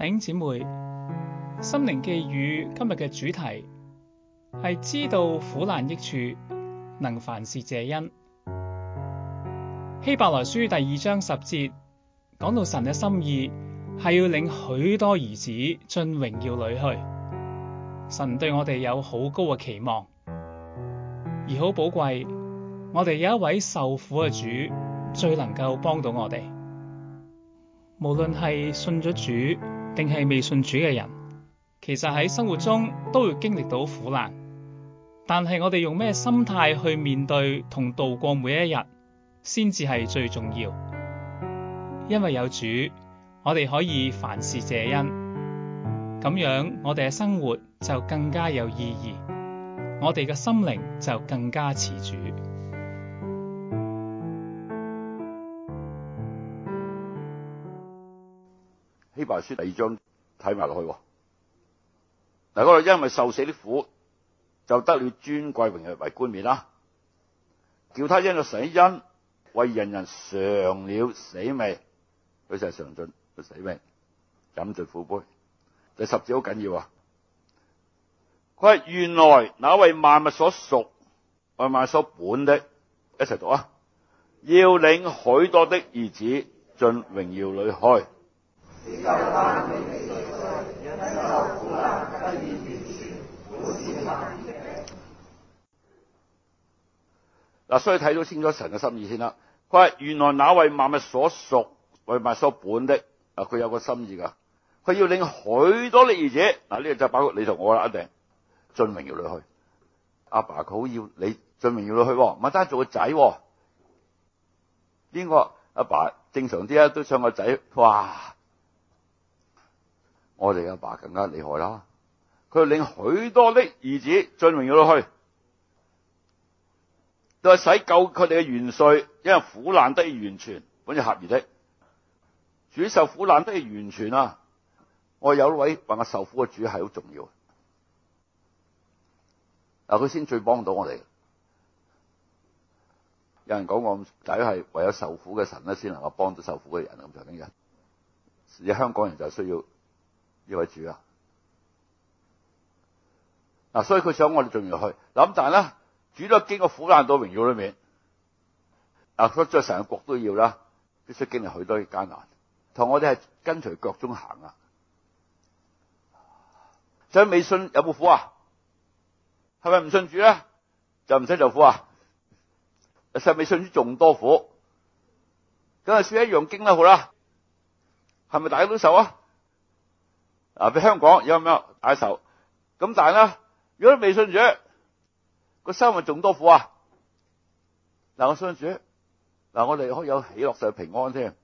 弟兄姊妹，心靈寄語，今日嘅主題係知道苦難益處，能凡事謝恩。希伯來書第二章十節講到神嘅心意係要領許多兒子進榮耀裏去。神對我哋有好高嘅期望，而好寶貴。我哋有一位受苦嘅主，最能夠幫到我哋。無論係信咗主，定係未信主嘅人，其實喺生活中都會經歷到苦難，但係我哋用咩心態去面對同度過每一日，先至係最重要。因為有主，我哋可以凡事謝恩，咁樣我哋嘅生活就更加有意義，我哋嘅心靈就更加持主。呢排書第二章睇埋落去嗱，嗰度因為受死啲苦，就得了尊貴榮耀為冠冕啦。叫他因個死因為人人嘗了死味佢就嘗盡個死命，飲盡苦杯。第十字好緊要啊！佢原來那為萬物所屬、為萬物所本的，一齊讀啊！要領許多的兒子進榮耀裏去。嗱，所以睇到清楚神嘅心意先啦。佢話原來那位萬物所屬，為萬物所本的啊，佢有個心意噶，佢要領許多的兒子。嗱，呢個就包括你同我啦，我一定進榮耀裏去。阿爸，佢好要你進榮耀裏去，唔單係做個仔。邊個阿爸正常啲啊？都想個仔哇！我哋阿爸更加厲害啦！佢領許多的兒子進榮耀落去，都係使救佢哋嘅元帥，因為苦難得以完全，本是合宜的，主受苦難得以完全啊！我有位話受苦嘅主係好重要，嗱，佢先最幫到我哋。有人講，我仔第一係唯有受苦嘅神咧，先能夠幫到受苦嘅人，咁就咁嘅。而香港人就需要。要位主啊，嗱、啊，所以佢想我哋仲要去，嗱但係咧，主都係經過苦難到榮耀裡面，嗱，所以成神嘅國都要啦，必須經歷許多艱難，同我哋係跟隨腳中行啊！所以美信有冇苦啊？係咪唔信主咧？就唔使受苦啊？實未信主仲多苦，咁啊，算一樣經啦。好啦，係咪大家都受啊？嗱、啊，香港有咩大仇？咁但係啦，如果你未信主，個生活仲多苦啊！嗱、啊，我相信主，嗱、啊，我哋可以有喜樂上平安添，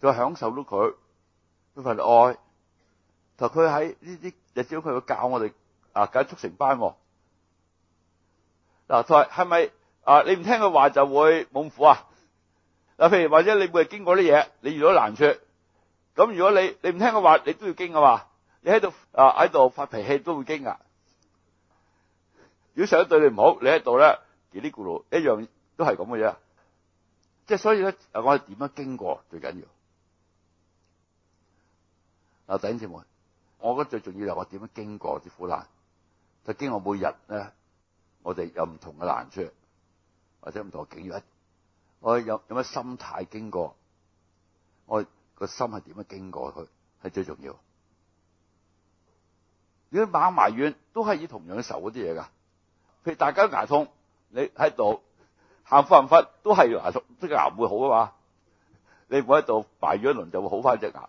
再享受到佢份愛。同佢喺呢啲日子，佢會教我哋啊，教速成班、啊。嗱、啊，同埋係咪啊？你唔聽佢話就會冇苦啊？嗱、啊，譬如或者你會經過啲嘢，你遇到難處。咁如果你你唔聽嘅話，你都要驚㗎嘛！你喺度啊，喺度發脾氣都會驚㗎。如果上一對你唔好，你喺度咧嘰哩咕嚕，一樣都係咁嘅嘢。即係所以咧，我哋點樣經過最緊要？嗱，弟兄姊妹，我覺得最重要係我點樣經過啲苦難，就經過每日咧，我哋有唔同嘅難處，或者唔同嘅境遇，我有有咩心態經過我，個心係點樣經過佢，係最重要。如果猛埋怨，都係以同樣嘅手嗰啲嘢噶。譬如大家牙痛，你喺度喊佛唔佛，都係牙痛，即係牙會好啊嘛。你唔喺度埋怨一輪，就會好翻隻牙。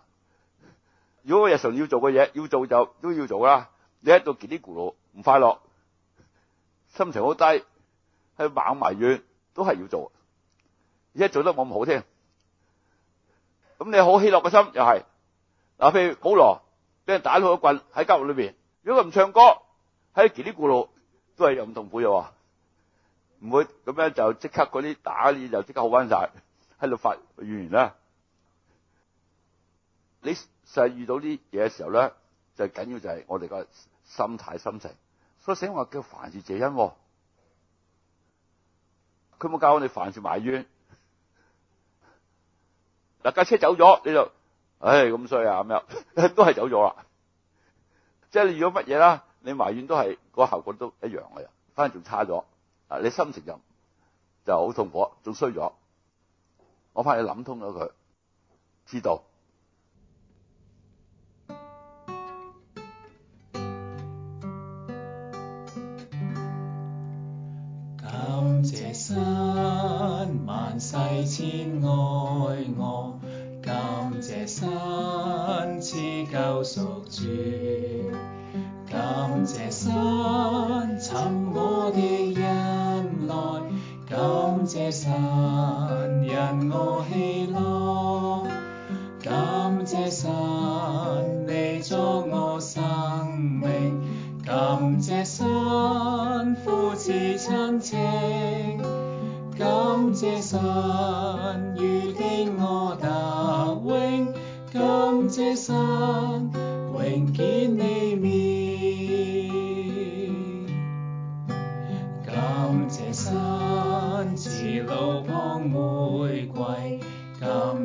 如果我日常要做嘅嘢，要做就都要做啦。你喺度嘰哩咕嚕，唔快樂，心情好低，去猛埋怨，都係要做。而家做得我唔好聽。咁你好喜樂嘅心又係嗱，譬如保羅俾人打到一棍喺監獄裏邊，如果佢唔唱歌喺奇啲咕路都有，都係又唔痛苦嘅，唔會咁樣就即刻嗰啲打你就即刻好翻晒喺度發語言啦。你成日遇到啲嘢嘅時候咧，就緊要就係我哋個心態心情。所以醒話叫凡事謝恩，佢冇教我哋凡事埋怨。嗱，架車走咗，你就唉咁衰啊，咁樣，都係走咗啦。即係你遇到乜嘢啦，你埋怨都係，個效果都一樣嘅，反而仲差咗。啊，你心情就就好痛苦，仲衰咗。我怕你諗通咗佢，知道。感謝神尋我的忍耐，感謝神因我喜樂，感謝神祢作我生命，感謝神父子親情，感謝神。